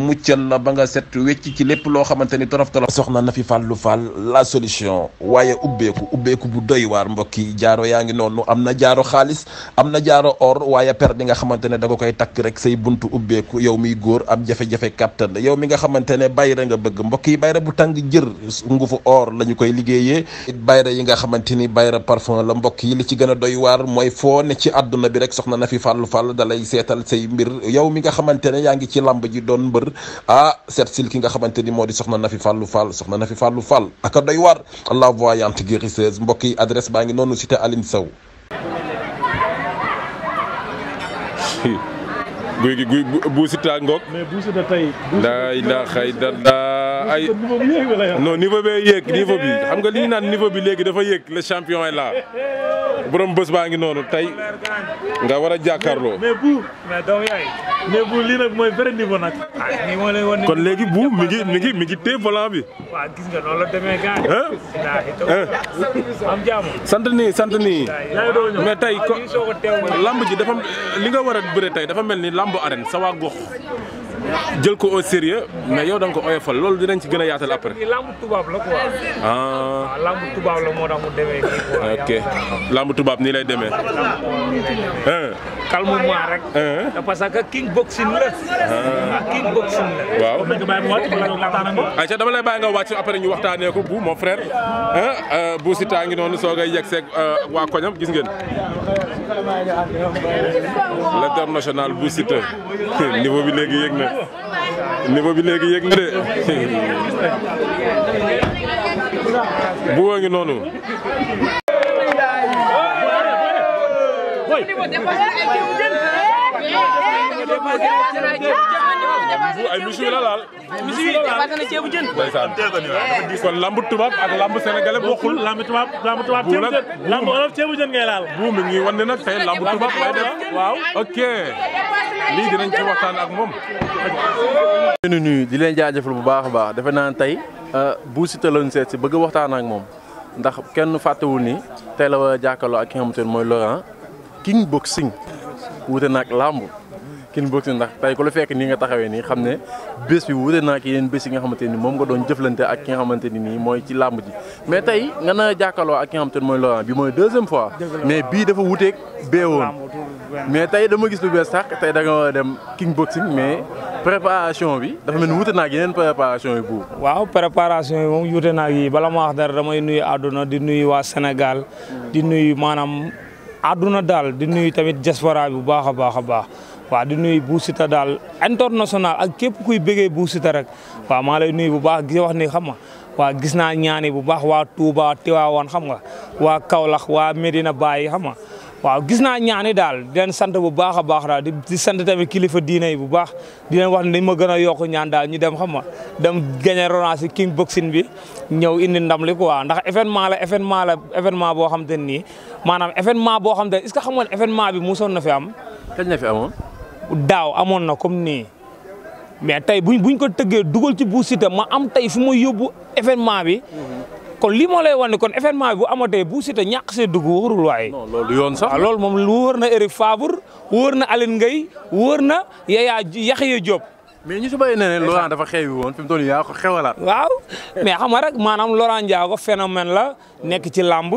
muccal la ba nga set wecc ci lépp loo xamante ni torof torof soxna na fi fàllu fàll la solution waaye ubbeeku ubbeeku bu doy waar mbokk yi jaaro yaa ngi noonu am na jaaro xaalis am na jaaro or waaye per bi nga xamante ne da nga koy takk rek say buntu ubbeeku yow miy góor am jafe-jafe kàttan yow mi nga xamante ne bayra nga bëgg mbokk yi bayra bu tàng jër ngufu or la koy liggéeyee it yi nga xamante ni bayra parfum la mbokk yi li ci gën a doy waar mooy foo ne ci àdduna bi rek soxna na fi fàllu fàll dalay seetal say mbir yow mi nga xamante ne ah seet sil ki nga xamante ni moo di soxna Nafi Fallou Fall soxna Nafi Fallou Fall aka doy a la voyante guérisseuse mbokk yi adresse baa ngi noonu cité Aline Sow guy gi guy bu Siteu ngoog mais bu Siteu Euh, ay non niveau bee yéeg niveau bi xam nga li ñu naan niveau bi léegi dafa yéeg le champion est là borom bés baa ngi noonu tey nga war a jàkkaarloo. mais bu mais doom yaay mooy vrai niveau nag. Ah, kon léegi bu mi ngi mi ngi mi ngi téye bi. waaw gis nga noonu la demee gars yi. sant nii sant nii. mais tey ko lamb ji dafa li nga war a bëre tey dafa mel ni lamb arène sa waa jël ko o sérieux mais yow da nga ko oyofal loolu dinañ ci gën a yaatal après. lamb tubaab la quoi. ah, ah lamb tubaab la moo nii quoi. ok lamb tubaab nii lay demee. calme rek. Ah. Ah, parce que king boxing la. king boxing la. dama lay bàyyi nga wàcc après ñu waxtaanee ko bu mon frère. bu si taa ngi noonu soog a yegg seeg waa koñam gis ngeen. national bu Siteu niveau bi léegi yéeg na. niveau bi léegi yéeg na de bu woo ngi noonu. ay monsieur la laal. monsieur la laal kon lamb tubaab ak lamb sénégalais bokkul. lamb tubaab lamb tubaab ceebu jën. lamb olof ceebu jën ngay laal. bu mi ngi wan ne nag tey lamb tubaab lay def waaw ok. lii dinañ ci waxtaan ak moom. ñu nuyu di leen jaajëfal bu baax a baax defe naa tey bu si taloon seet si bëgg waxtaan ak moom ndax kenn fàttewul ni tey la war a jàkkaarloo ak ki nga xamante ne mooy Laurent King Boxing wuute nag làmb kickboxing ndax tey ku la fekk nii nga taxawee nii xam ne bés bi wute naa ki yeneen bés yi nga xamante ni moom nga doon jëflante ak ki nga xamante ni nii mooy ci làmb ji mais tey nga jàkkaloo ak ki nga xamante ni mooy Laurent bi mooy deuxième fois bii dafa wuteeg bee mais tey dama gis lu bees sax tey da nga dem kickboxing mais préparation bi dafa mel ni wute naa ak yeneen préparation yi boobu waaw préparation yi moom wute naa yi bala ma wax dara damay nuyu àdduna di nuyu waa Sénégal di nuyu maanaam àdduna daal di nuyu tamit diaspora bi bu baax a baax a baax waaw di nuyu Bou Siteu daal international ak képp kuy bëggee Bou Siteu rek waaw maa lay nuyu bu baax gi wax ni xam nga waaw gis naa ñaani bu baax waa Touba wan xam nga waa Kaolack waa Medina Baye xam nga waaw gis naa ñaani daal di leen bu baax a baax daal di sant tamit kilifa diine yi bu baax di leen wax ne dañ ma gën a yokk ñaan daal ñu dem xam nga dem gagné Roland si king boxing bi ñëw indi ndam li quoi ndax événement la événement la événement boo xam te nii maanaam événement boo xam te est-ce xam nga événement bi mosoon na fi am. kañ daaw amoon na comme nii mais tey buñ buñ ko tëggee dugal ci bu Siteu ma am tey fu ma yóbbu événement bi. kon lii moo lay wan kon événement bi bu amatee bu Siteu ñàkk see dugg wóorul waaye. non loolu yoon sax loolu moom wóor na Eric faabur woor na Aline Ngay wóor na Yaya Yaxya Diop. mais ñu si béy nee ne Laurent dafa xewi woon fi mu toll yaa ko xewalaat. waaw mais xam nga rek maanaam loraan Ndiago phénomène la nekk ci làmb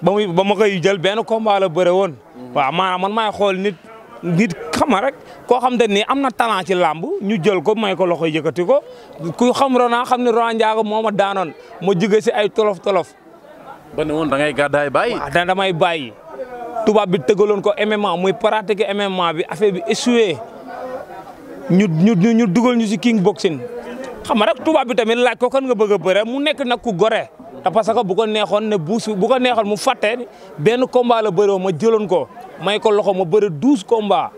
ba muy ba ma koy jël benn combat bëre woon. Mm-hmm. waaw maanaam man maay nit xam nga rek koo xam te ni am na talent ci làmb ñu jël ko may ko loxo yëkkati ko ku xam Rona xam ne Rona Ndiago moo ma daanoon ma jige si ay tolof tolof. ba ne woon da ngay gàddaay bàyyi. da damay bàyyi tubaab bi tëgaloon ko MMA muy pratiquer MMA bi affaire bi échoué ñu ñu dugal ñu si king boxing xam nga rek tubaab bi tamit laaj ko kan nga bëgg a bëre mu nekk nag ku gore. te parce que bu neexoon ne buusu bu ko neexoon mu fàtte benn combat la bëree ma jëloon ko may ko loxo ma bëri douze combats.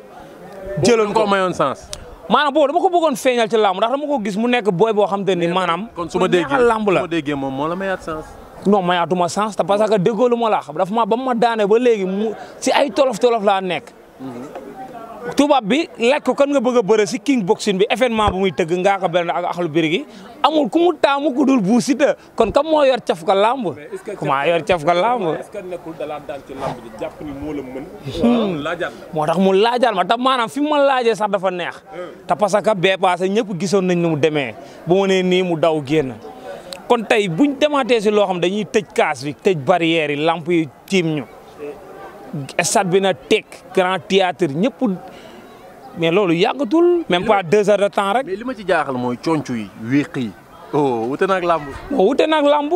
jëloon ko mayoon sens. maanaam boobu dama ko bëggoon feeñal ci làmb ndax dama ko gis mu nekk booy boo xam te ni maanaam. kon ma déggee làmb la moom moo la mayaat sens. non mayaatuma sens te parce que déggoo lu ma la xam dafa ma ba ma daane ba léegi mu si ay tolof tolof laa nekk. Mm-hmm. tubaab bi laaj kan nga bëgg a bëre si king boxing bi événement bu muy tëgg ngaa ko benn ak axlu biri gi amul ku mu taamu ku dul Bou Siteu kon kam moo yor caf ka làmb comment yor caf ka làmb la daan ci hmm. moo tax mu laajaat ma te maanaam fi mu ma laajee sax dafa neex hmm. te parce que bee passé ñëpp gisoon nañ ni mu demee bu ma nee nii mu daw génn kon tey buñ demaatee si loo xam dañuy tëj kaas bi tëj barrière yi lamp yi tiim ñu sat bi na teg grand théâtre ñëpp mais loolu yàggatul. même pas deux heures de temps rek. li ma ci jaaxal mooy conc yi wéq yi. oh wute naag làmb. làmb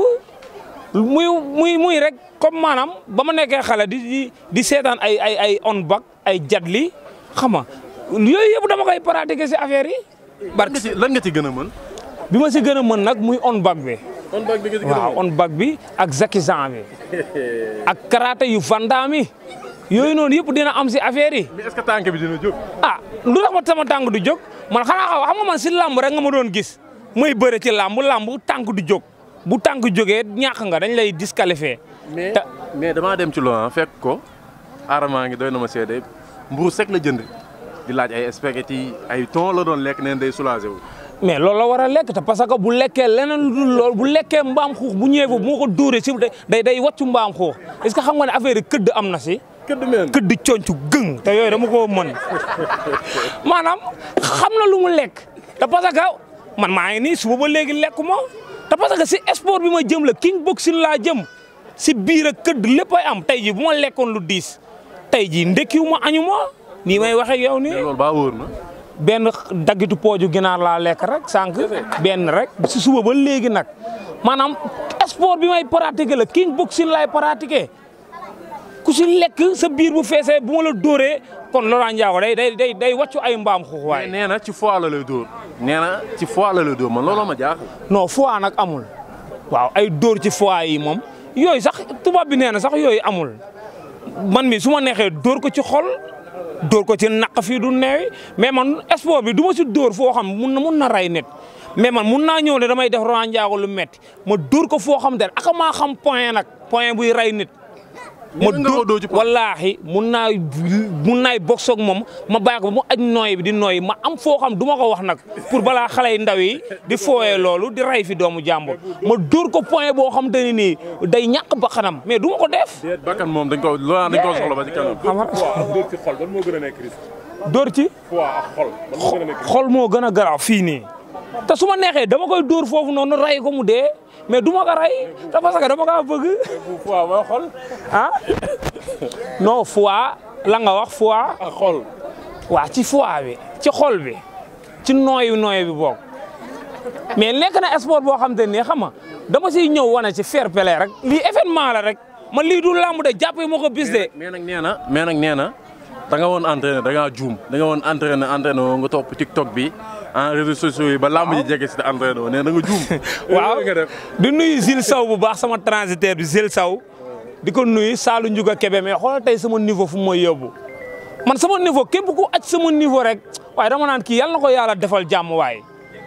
muy muy muy rek comme maanaam ba ma nekkee xale di di di seetaan ay ay ay on bak ay jatli xam nga yooyu yëpp dama koy pratiquer si affaire yi. lan nga lan nga ci gën a mën. bi ma si gën a mën nag muy on bak bi. waaw on bag bi ak Zakizan bi ak karaté yu vandaami yooyu noonu yëpp dina am si affaire yi. mais est tànk bi dina jóg. ah lu ma sama tànk du jog man xanaa xam nga man si làmb rek nga ma doon gis muy bëre ci làmb làmb tànk du jóg bu tànk jógee ñàkk nga dañ lay disqualifié. mais mais damaa dem ci loolu fekk ko aaramaa ngi doy na ma seede mburu sec la jënd di laaj ay spaghetti ay thon la doon lekk neen day soulagé wu. mais loolu la war a lekk te parce que bu lekkee leneen lu bu lekkee mbaam xuux bu ñëwee foofu moo doore dóoree si day day wàccu mbaam xuux est-ce xam nga ne affaire këdd am na si. këdd meen këdd coñcu gëng te yooyu dama koo mën maanaam xam na lu mu lekk te parce man maa ngi nii suba ba léegi lekku ma te si sport bi ma jëm la king boxing laa jëm si biir këdd lépp am tey ji bu ma lekkoon lu diis tey jii ndekkiwu ma añu ma nii may waxee yow nii. loolu na. benn daggitu pooju ginaar laa lekk rek sànq benn rek si suba ba léegi nag maanaam sport bi may pratiquer la king boxing laay pratiquer ku si lekk sa biir bu feesee bu ma la dóoree kon Laurent Ndiago day day day day wàccu ay mbaam xuux waaye. nee na ci foie la lay na ci foie la ma dóor man looloo ma jaaxal. non foie nag amul waaw ay dóor ci foie yi moom yooyu sax tubaab bi nee na sax yooyu amul man mi su ma neexee dóor ko ci xol. dóor ko ci naq fii du neewi mais man sport bi du ma si dóor foo xam mun na mun na ray nit mais man mun naa ñëw ne damay def Laurent Ndiago lu ma dóor ko foo xam te akamaa xam point nag point buy ray nit ma dóor wallaahi mun naay mun naay box ak moom ma bàyyi ko ba mu aj nooy bi di nooy ma am foo xam duma ko wax nag pour balaa xale yi ndaw yi di fooyee loolu di rey fi doomu jàmbur ma dóor ko point boo xam te ne nii day ñaq bakkanam mais du ma ko def. déet moom dañ ko loolaa dañ ko soxla ba ci xol moo gën a nekk risque. dóor ci. moo gën a garaaw fii nii. te su ma neexee dama koy dóor foofu noonu ray ko mu dee mais duma ma ko ray te parce que dama ka bëgg. foie mooy xol. ah non foie la nga wax foie. ak ah, xol. waa ci foie bi ci xol bi ci nooyu nooyu bi bokk mais lekk na sport boo xam te ne xam nga dama siy ñëw wane ci fair play rek lii événement la rek man lii du làmb de jàppee ma ko bis de. mais nag nee na mais nag nee na. danga woon entraîné da ngaa juum da nga woon entraîné entraîné woo nga topp TikTok bi en ah, réseaux sociaux yi ba làmb ji jege si te entraîné woo nee juum. di nuyu Zil Saw bu baax sama transitaire bi Saw. di ko nuyu Saalu Ndiouga kebe mais xoolal tey sama niveau fu mooy yóbbu man sama niveau képp ku aj sama niveau rek waaye dama naan kii yàlla na ko yàlla defal jàmm waaye.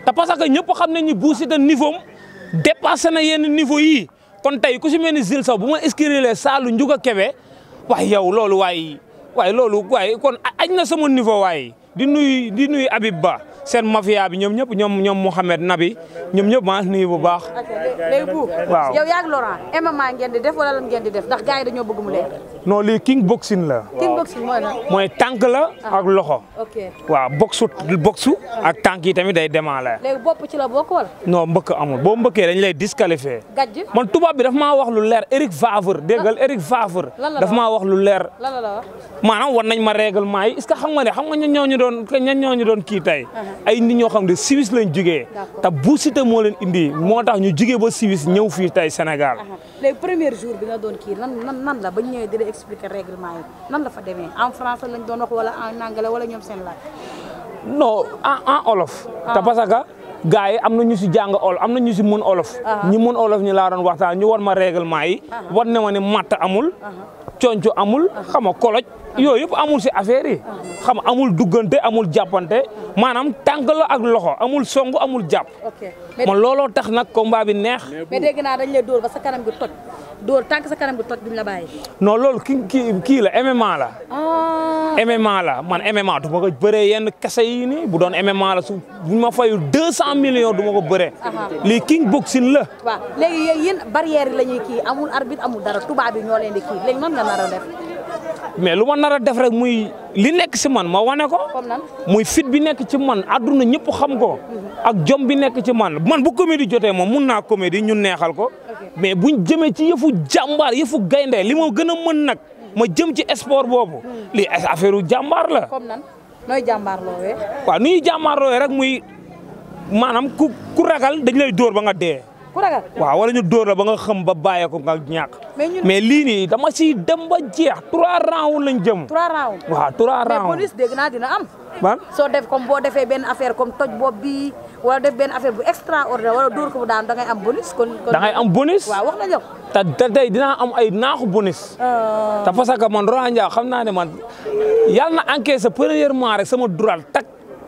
te parce que ñëpp xam nañu ne Bou Siteu niveau am dépassé na yenn niveau yii kon tey ku si mel ni Zil Saw bu ma inscrire Saalu Ndiouga Kébé yow waaye loolu waaye kon añ na sama niveau waaye di nuyu di nuyu Habib Ba seen mafia bi ñoom ñëpp ñoom ñoom Mouhamed Nabi ñoom ñëpp maa nuyu bu baax. ok léegi bu waaw yow yaa ngi Laurent ngeen di def wala lan ngeen di def ndax gars dañoo bëgg mu leer. non lii king boxing la. mooy lan. la ah. ak loxo. waaw boxu boxu ak tànk yi tamit day démarrer. léegi bopp ci la bokk wala. non mbëkk amul boo mbëkkee dañ lay disqualifié. gàjj man tubaab bi daf maa wax lu leer Eric Favre déggal ah. Eric lan daf maa wax lu leer. lan la la wax nañ ma règlement yi que xam nga ne xam nga ñoo ñu doon ñoo kii tey ah. ay nit ñoo xam ne Suisse lañ jugee. te bu Siteu moo leen indi moo tax ñu jugee ba Suisse ñëw fii tey Sénégal. léegi première jour bi nga doon kii nan nan nan la ba ñëwee di la expliquer règlement yi nan la fa demee en français lañ doon wax wala en nangale wala ñoom seen làkk. non en en wolof. Ah. te gars yi am na ñu si jàng olof am na ñu si mun olof ñi mun olof ñi laa doon waxtaan ñu war ma règlement yi war ne ma ne matt amul conco amul xam nga koloj yooyu yëpp amul si affaire xam amul duggante amul jàppante maanaam tànk la ak loxo amul song amul jàpp man looloo tax nag combat bi neex mais dégg naa dañ lay dóor dóor tànk sa kanam bu toj duñ la bàyyi. non loolu ki kii kii la MMA la. Ah. MMA la man MMA du ma ko bëree yenn kese yi nii bu doon MMA la su bu ma fayul deux cent millions du ma ko bëree. lii king boxing la. waaw léegi yéen barrière la ñuy kii amul arbitre amul dara tubaab yi ñoo leen di kii léegi nan nga nar def. mais lu ma nar a def rek muy li nekk si man ma wane ko. muy fit bi nekk ci man àdduna ñëpp xam ko. ak jom bi nekk ci man man bu comédie jotee moom mun naa di ñun neexal ko. mais buñ jëmee ci yëfu jàmbaar yëfu gaynde li ma gën a mën nag. ma jëm ci sport boobu. Hmm. li affaire jàmbaar la. comme nan nooy jàmbaar loowee. waaw nu ñuy jàmbaar rek muy maanaam ku ku ragal dañ lay dóor ba nga dee. waa ragal waaw wala ñu dóor la ba nga xam ba bàyyee ko nga ñàkk. mais lii nii dama si dem ba jeex trois rounds lañ jëm. trois rounds waaw trois rounds. mais police dégg naa dina am. ban soo def comme boo defee benn affaire comme toj bopp bi wala def benn affaire bu extraordinaire wala dóor ko bu am bonus. kon da ngay am bonus. waaw wax nañu ko. te tey dinaa am ay naax bonus. Euh. te parce que man Roland xam naa ne man yàlla na encaissé premièrement rek sama droite tak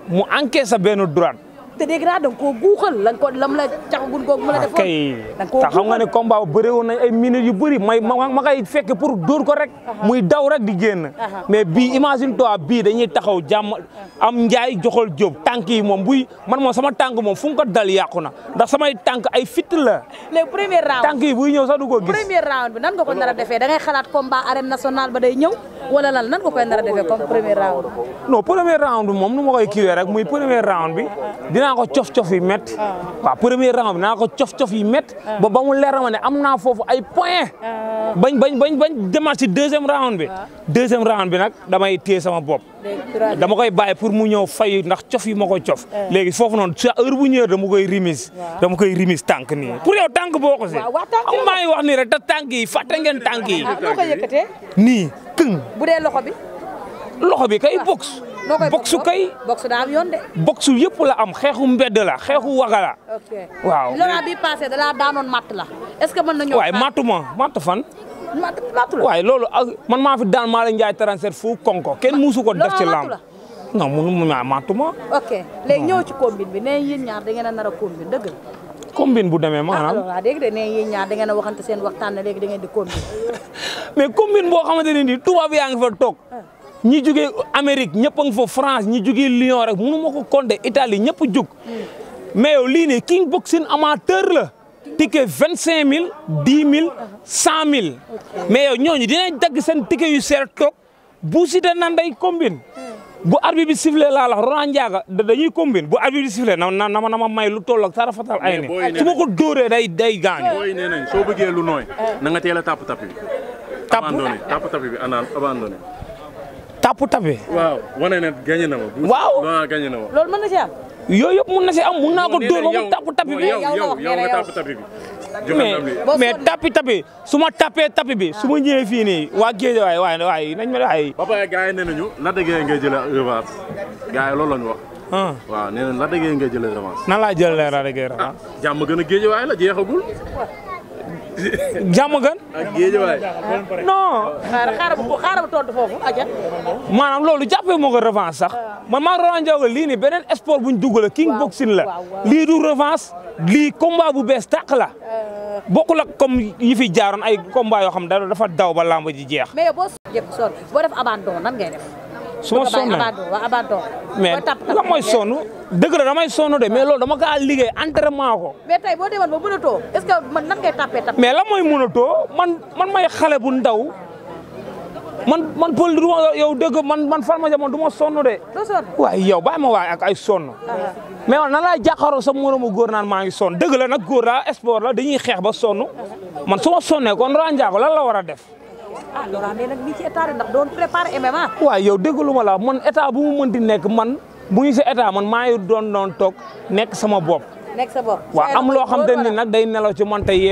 mu encaissé benn droite. que dégg naa da nga koo guuxal la mu la ah, defoon da koo te xam nga ne combat bu bëri woon nañ ay minutes yu bëri may ma koy fekk pour dóor ko rek ah, ah. muy daw rek di génn mais bii imagine toi bii dañuy taxaw jàmm am njaay joxol jóob tànk yi moom buy man moom sama tànk moom fu mu ko dal yàqu na ndax samay tànk ay fit la les premier round tànk yi buy ñëw sa du ko gis premier round bi nan nga ko nar a defee da ngay xalaat combat arène nationale day ñëw a defee comme premier round non premier round moom nu ma koy kiiwee rek muy premier round bi dinaa naa ko cof-cof yi métti ah. waaw premier rang bi naa ko cof-cof yi métti ah. ba ba mu leer ma ne am naa foofu ay point ah. bañ bañ si deuxième round bi deuxième round bi nag damay téye sama bop dama koy bàyyi pour mu ñëw fay ndax cof yi moo ko cof léegi foofu noonu sa heure bu ñëwee dama koy remise dama koy remise tànk nii pour yow tànk boo ko si am maa wax nii rek te yi fàtte ngeen tànk yi nii këng bu dee loxo bi kay box noo koy boxu kay. boxu daa yoon de. boxu yëpp la am xeexu mbedd la xeexu waga la. ok waaw Laurent bi passé da laa daanoon matt la est-ce que mën nañoo. waay mattu ma matt fan. matt mattu la waay loolu man maa fi daan maa la Ndiaye transfert fu konko kenn muusu ko def ci lamb non munu ma mattu ma. ok léegi ci combine bi nee yéen ñaar da ngeen a nar a combine dëgg combine bu demee maanaam ah, ah dégg de nee yéen ñaar da ngeen a waxante seen waxtaan léegi da ngeen di combine. mais combine boo xamante ne nii yaa ngi fa toog. Ah. ñi jugee Amérique ñëpp a ngi fa France ñi jugee Lyon rek mënu ma ko compter Italie ñëpp a jug mais yow lii nii king boxing amateur la. ticket vingt cinq mille dix mille cent mille. mais ñooñu dinañ dagg seen ticket yu seer toog bu nan day combine. bu arbitre bi sifflé laa la Roland Ndiaga dañuy combine bu arbitre bi sifflé na na na ma lu toll ak tara fatal ay ni su ma dóoree day day gaañ. booy nee nañ soo bëggee lu nooy. na nga teel a tàpp tàpp bi. tàpp tapu tapé. waaw wane na gagné na ma. waaw gagné na ma. na ci am. yooyu yëpp na ci am mën naa ko dóor ba mu tapu tapé bi. mais mais tapi su ma tapee tapi bi su ma ñëwee fii nii waa géej waay waay waay nañ ma waay. ba pare gars yi nee nañu la déggee ngay jëlee revanche gars yi loolu la ñu wax. Ah. waaw nee nañ la déggee ngay jëlee revanche. laa jëlee la déggee revanche. Ah, jàmm gën a géej waay la jeexagul. jàmm gën. ak géejewaay. bu xaaral foofu aja. maanaam loolu jàppee moo ko sax ah. man maa Laurent Ndiago lii nii beneen sport buñ dugg la king boxing la lii du revanche lii combat bu bees tàq la euh. bokkul ak comme yi fi jaaroon ay combat yoo xam dafa daw ba làmb ji jeex. mais boo soog a jëm boo def abandon def. su ma sonn mais la mooy sonn dëgg la damay sonn de mais loolu dama kaa liggéey entraînement ko. mais tey boo demoon que man nan ngay tapé la mooy mënatoo man man may xale bu ndaw man pël du ma yow dëgg man man ma Ndiaye man du ma sonn de. waaye yow bàyyi ma waaye ak ay sonn. Ah, ah. mais man nan laay jàkkaaroo sa ma góor naan maa ngi sonn dëgg la nag góor la la dañuy xeex ba sonn man su ma sonnee kon Ra Ndiago lan la war a def. ah Laurent mais nag nii ci état ndax doon préparé MMA. waaw yow déggalu ma la man état bu mu mënti nekk man bu ñu si état man maa ngi doon doon toog nekk sama bop nekk sa bopp waaw am loo xam te ni nag day nelaw ci man te ci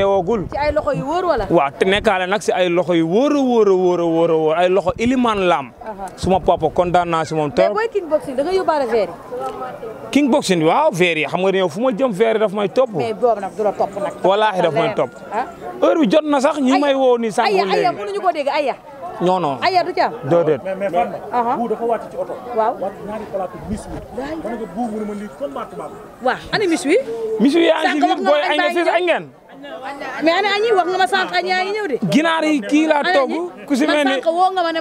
ay loxo yu wóor wala waaw te nekkaale nag si ay loxo yu wóor a wóor wóor a ay loxo iliman laam suma papa kontaan naa si moom trop king boxing da yóbbaale verre yi king boxing waaw verre xam nga ne fu ma jëm verre daf may topp mais topp nag walaahi daf may topp ah? heure jot na sax ñi may woo ni sànq léegi non non ay yar du mais mais fan la. bu mis wi. mis wi. mis ginaar yi kii laa togg ku si mel ni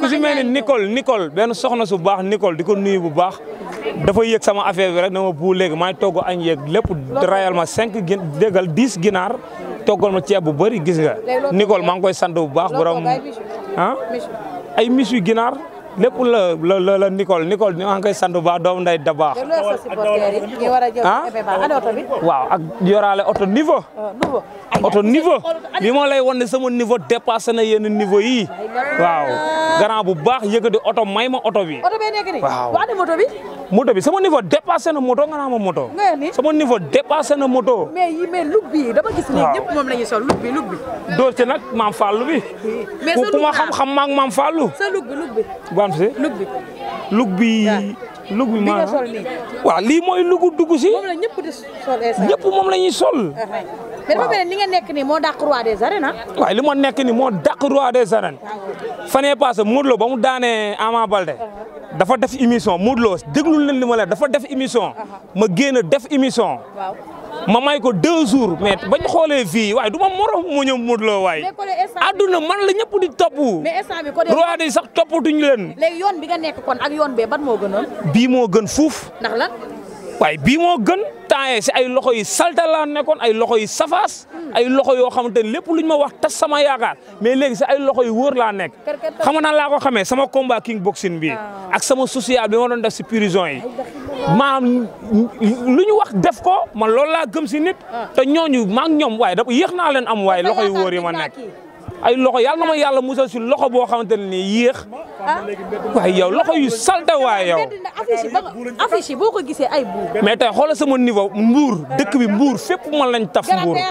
ku si mel ni Nicole Nicole benn soxna su baax Nicole di ko nuy bu baax. dafa yëg sama affaire bi rek na ma bu léegi maa ngi togg añ yeeg lépp rayal ma cinq gin déggal ginaar toggal ma ceeb bu bari gis nga Nicole maa ngi koy sant bu baax borom ah ay mis yu ginaar lépp la la la la Nicole Nicole maa ngi koy sant bu baax doomu nday da baax. ah waaw ak yoraale oto niveau. auto oh, niveau li moo lay wan ne sama niveau dépassé na yenn niveau yi waaw garant bu baax yëkkati oto may ma oto bi. moto bi sama niveau dépassé na moto nga naa ma moto. nga ni sama niveau dépassé na moto. mais yi mais look bi dama gis. waaw ñëpp la ñuy sol look bi nag maam Fallou bi. mais sa look ku ma xam-xam maag maam Fallou. sa look bi look bi. si look bi. look bi. lug bi maanaam lii mooy lugu dugg si. moom la ñëpp di moom la ñuy sol. Ah, ah. mais dafa mel nga nekk nii moo dàq roi des arènes ah. li ma nekk ni moo dàq roi des arènes. fan yii passé Modou Lo ba mu daanee Ama Balde. dafa def émission Modou Lo déglul leen li ma leen dafa def émission. Uh-huh. ma génn def émission. ma may ko deux jours mais bañ xoolee fii waaye du ma morom mu ñëw Modou Lo waaye. man la ñëpp di topp. mais instant bi côté roi sax toppatuñ leen. léegi yoon bi nga nekk kon ak yoon bee ban bii moo gën fuuf. ndax waaye bii moo gën temps si ay loxo yi salta laa nekkoon ay loxo yi safaas. ay loxo yoo xamante lépp luñ ma wax tas sama yaakaar mais léegi sa ay loxo yu wóor laa nekk xama nga laa ko xamee sama combat king boxing bi ah. ak sama social bi ma doon def si prison yi ma lu ñu wax def ko man loolu laa gëm si nit ah. te ñooñu maa ngi ñoom waaye da yéex naa leen am waaye loxo yu wóor yi ma nekk ay loxo yàlla na ma yàlla musal si loxo boo xamante ne nii yéex. Ah. waaye yow loxo yu salte waaye yow. affiche yi boo ko gisee ay buur. mais sama niveau mbuur dëkk bi mbuur fépp man lañ taf mbuur.